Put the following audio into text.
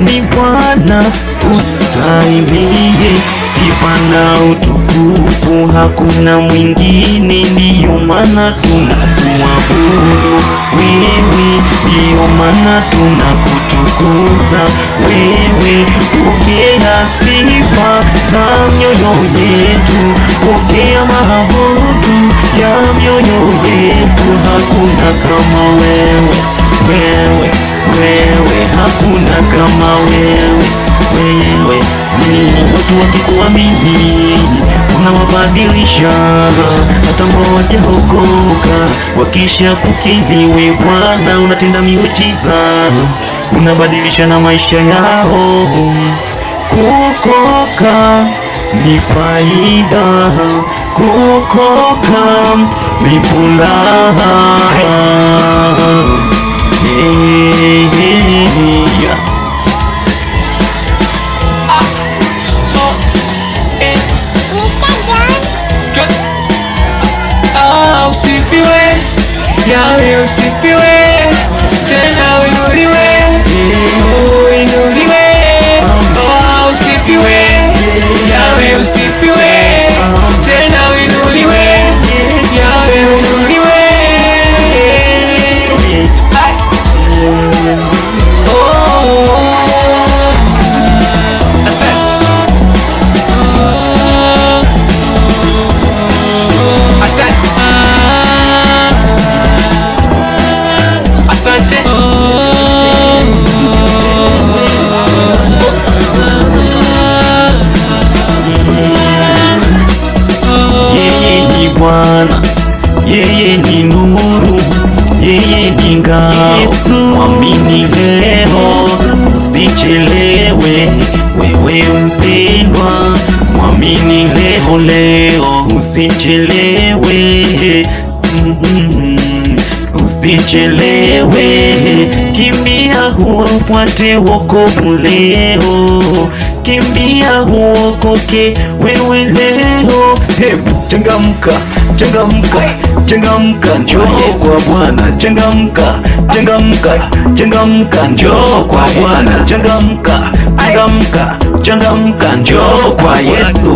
ni Bwana usaimie sifa na utukufu hakuna mwingine, ndiyo maana tunakuabudu wewe, ndiyo maana tunakutukuza wewe. Pokea sifa za mioyo yetu, pokea mahabudu ya mioyo yetu, hakuna kama wewe, wewe, wewe hakuna kama wewe, wewe ni Watu wakikuamini unawabadilisha, hata ambao wajaokoka wakisha kukiri we Bwana, unatenda miujiza, unabadilisha na maisha yao. kukoka ni faida, kukoka ni furaha hey. Ee. nawe usifiwe tena uinuliwe, uinuliwe, oh, usifiwe, nawe usifiwe Bwana, yeye ni nuru, yeye ni ngao. Mwamini leo, usichelewe, wewe mpendwa. Mwamini leo, leo usichelewe, mm-hmm. Usichelewe, kimia huo, pwate wokovu leo ukikimbia huokoke wewe leo. Hebu changamka, changamka, changamka, njoo kwa Bwana. Changamka, changamka, changamka, njoo kwa Bwana. Changamka, changamka, changamka, njoo kwa Yesu.